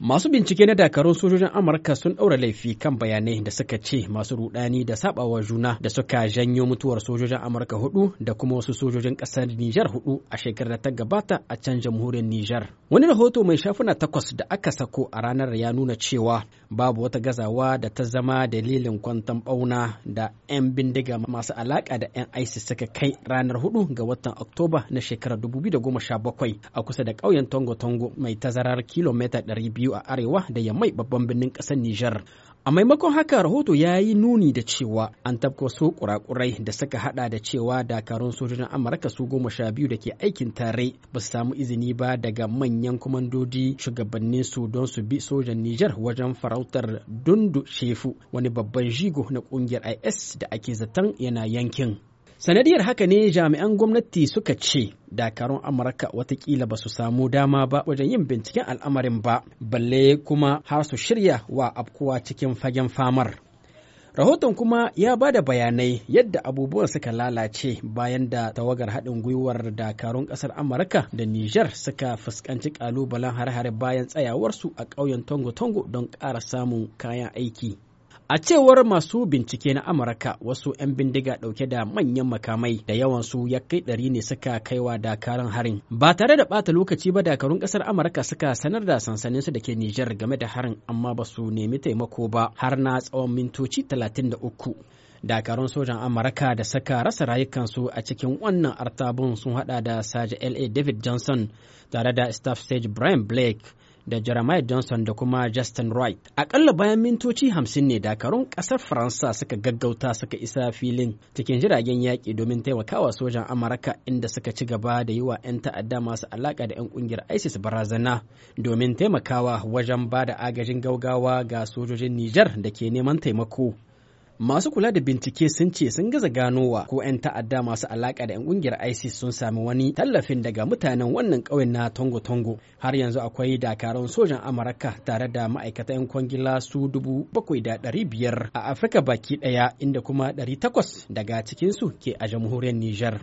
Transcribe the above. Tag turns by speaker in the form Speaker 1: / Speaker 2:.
Speaker 1: Masu bincike na dakarun sojojin Amurka sun ɗaura laifi kan bayanai da suka ce masu rudani da sabawa juna da suka janyo mutuwar sojojin Amurka hudu da kuma wasu sojojin ƙasar Nijar hudu a shekarar da ta gabata a can jamhuriyar Nijar. Wani rahoto mai shafuna takwas da aka sako a ranar ya nuna cewa babu wata gazawa da ta zama dalilin kwantan bauna da 'yan bindiga masu alaka da 'yan ISIS suka kai ranar hudu ga watan Oktoba na shekarar 2017 a kusa da ƙauyen Tongo-Tongo mai tazarar kilomita 200 biyu a arewa da yammai babban birnin ƙasar Nijar. A maimakon haka rahoto ya yi nuni da cewa an tafka su kurakurai da suka hada da cewa dakarun sojojin Amurka su goma sha biyu da ke aikin tare ba su samu izini ba daga manyan kwamandoji shugabannin su don su bi sojan Nijar wajen farautar Dundu Shefu wani babban jigo na kungiyar IS da ake zaton yana yankin. Sanadiyar haka ne jami'an gwamnati suka ce dakarun Amurka watakila ba su samu dama ba wajen yin binciken al'amarin ba, balle kuma har su shirya wa abkuwa cikin fagen famar. Rahoton kuma ya ba da bayanai yadda abubuwan suka lalace bayan da tawagar haɗin gwiwar dakarun ƙasar Amurka da Nijar suka fuskanci ƙalubalen har-hare bayan tsayawarsu a ƙauyen Tongo-Tongo don ƙara samun kayan aiki. A cewar masu bincike na Amurka wasu 'yan bindiga ɗauke da manyan makamai da yawansu ya kai ɗari ne suka kaiwa dakarun harin. Ba tare da bata lokaci ba dakarun ƙasar Amurka suka sanar da sansaninsu da ke Nijar game da harin amma ba su nemi taimako ba har na tsawon mintoci talatin da uku. dakarun sojan amurka da saka rasa rayukansu a cikin wannan artabun sun hada da saja la david johnson tare da staff sage brian blake da Jeremiah Johnson da kuma Justin Wright. Akalla bayan mintoci hamsin ne dakarun ƙasar Faransa suka gaggauta suka isa filin cikin jiragen yaƙi domin taimakawa sojan Amurka inda suka ci gaba da yi wa 'yan ta'adda masu alaƙa da 'yan ƙungiyar ISIS barazana domin taimakawa wajen ba da agajin gaugawa ga sojojin Nijar da ke neman taimako. Masu kula da bincike sun ce sun gaza ganowa ko 'yan ta'adda masu alaƙa da 'yan kungiyar ISIS sun sami wani tallafin daga mutanen wannan ƙauyen na Tongo Tongo. Har yanzu akwai dakarun sojan Amurka tare da ma'aikata 'yan kwangila su dubu bakwai da ɗari biyar a Afirka baki ɗaya inda kuma ɗari takwas daga cikinsu ke a jamhuriyar Nijar.